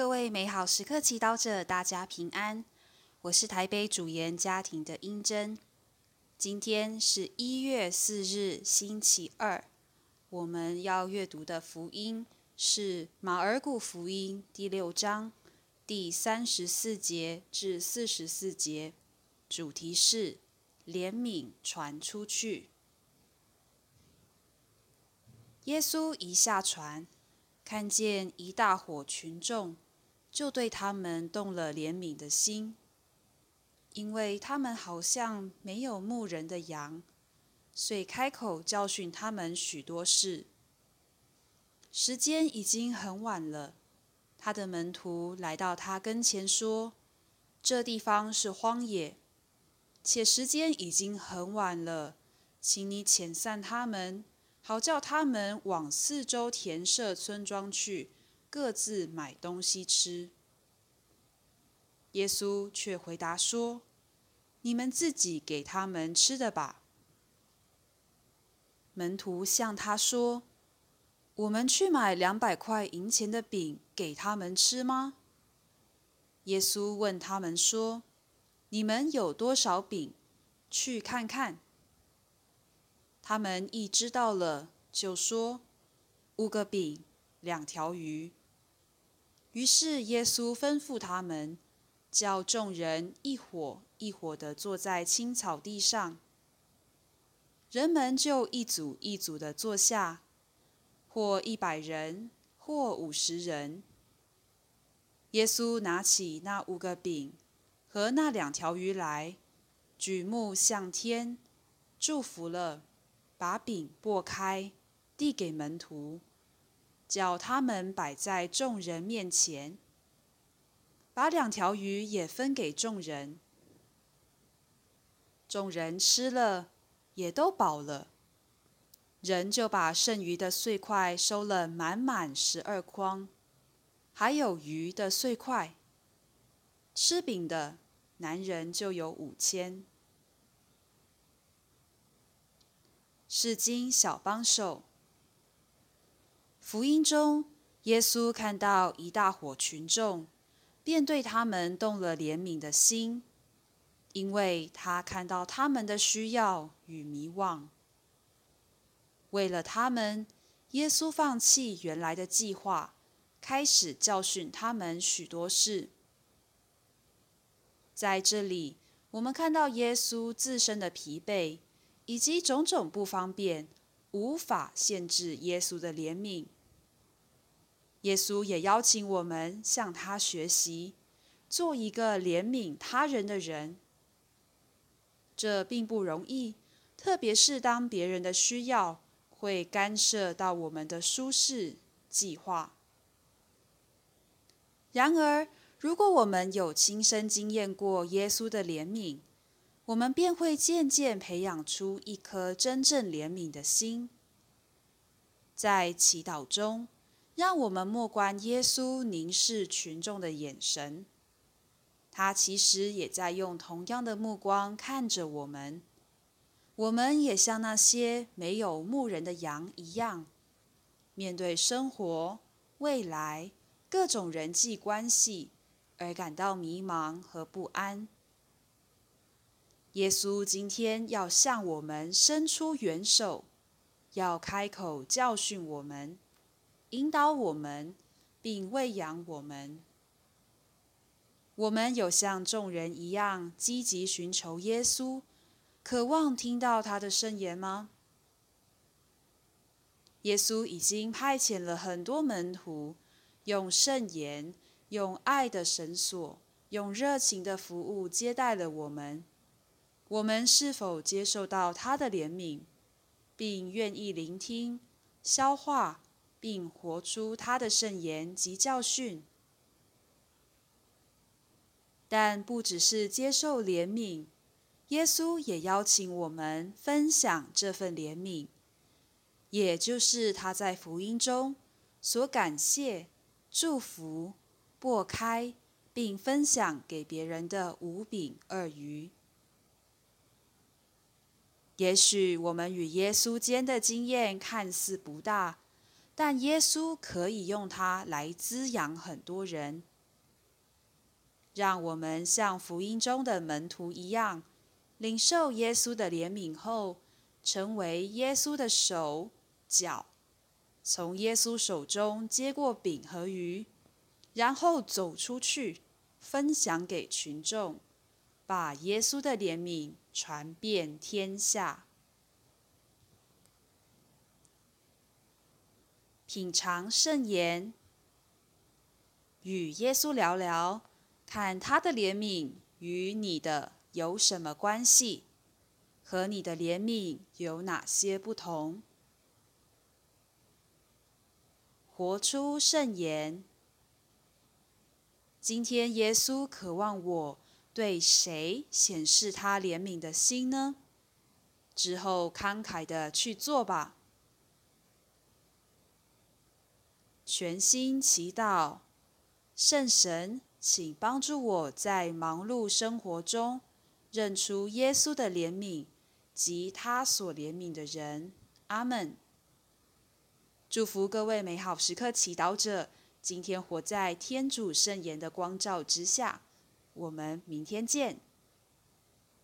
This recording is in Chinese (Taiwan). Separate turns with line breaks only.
各位美好時刻祈禱者，大家平安。我是台北主言家庭的英珍。今天是一月四日，星期二。我們要閱讀的福音是馬爾谷福音第六章第三十四節至四十四節。主題是憐憫傳出去。耶穌一下船，看見一大夥群眾，就對他們動了憐憫的心，因為他們好像沒有牧人的羊，遂開口教訓他們許多事。時間已經很晚了，他的門徒來到他跟前說：“這地方是荒野，且時間已經很晚了，請你遣散他們，好叫他們往四周田舍村莊去。”各自買東西吃。耶穌卻回答說：“你們自己給他們吃的吧。”門徒向他說：“我們去買兩百塊銀錢的餅給他們吃嗎？”耶穌問他們說：“你們有多少餅？去看看。”他們一知道了，就說：“五個餅，兩條魚。”於是耶穌吩咐他們，叫眾人一夥一夥的坐在青草地上。人們就一組一組的坐下，或一百人，或五十人。耶穌拿起那五個餅和那兩條魚來，舉目向天，祝福了，把餅擘開，遞給門徒。叫他們擺在眾人面前，把兩條魚也分給眾人。眾人吃了，也都飽了。人就把剩餘的碎塊收了滿滿十二筐，還有魚的碎塊。吃餅的男人就有五千。釋經小幫手。福音中，耶穌看到一大夥群眾，便對他們動了憐憫的心，因為他看到他們的需要與迷惘。為了他們，耶穌放棄原來的計劃，開始教訓他們許多事。在這裡，我們看到耶穌自身的疲憊，以及種種不方便，無法限制耶穌的憐憫。耶穌也邀請我們向他學習，做一個憐憫他人的人。這並不容易，特別是當別人的需要會干涉到我們的舒適、計劃。然而，如果我們有親身經驗過耶穌的憐憫，我們便會漸漸培養出一顆真正憐憫的心。在祈禱中。讓我們默觀耶穌凝視群眾的眼神，他其實也在用同樣的目光看着我們。我們也像那些沒有牧人的羊一樣，面對生活、未來、各種人際關係而感到迷茫和不安。耶穌今天要向我們伸出援手，要開口教訓我們。引導我們，並餵養我們。我們有像眾人一樣積極尋求耶穌，渴望聽到他的聖言嗎？耶穌已經派遣了很多門徒，用聖言，用愛的繩索，用熱情的服務接待了我們。我們是否接受到他的憐憫，並願意聆聽、消化？並活出他的聖言及教訓？但不只是接受憐憫，耶穌也邀請我們分享這份憐憫，也就是他在福音中所感謝、祝福、擘開並分享給別人的五餅二魚。也許我們與耶穌間的經驗看似不大。但耶穌可以用它來滋養很多人。讓我們像福音中的門徒一樣，領受耶穌的憐憫後，成為耶穌的手腳，從耶穌手中接過餅和魚，然後走出去，分享給群眾，把耶穌的憐憫傳遍天下。品嚐聖言，與耶穌聊聊，看他的憐憫與你的有什麼關係，和你的憐憫有哪些不同？活出聖言。今天耶穌渴望我對誰顯示他憐憫的心呢？之後慷慨的去做吧。全心祈禱，聖神，請幫助我在忙碌生活中認出耶穌的憐憫及他所憐憫的人。阿門。祝福各位美好時刻祈禱者，今天活在天主聖言的光照之下，我們明天見。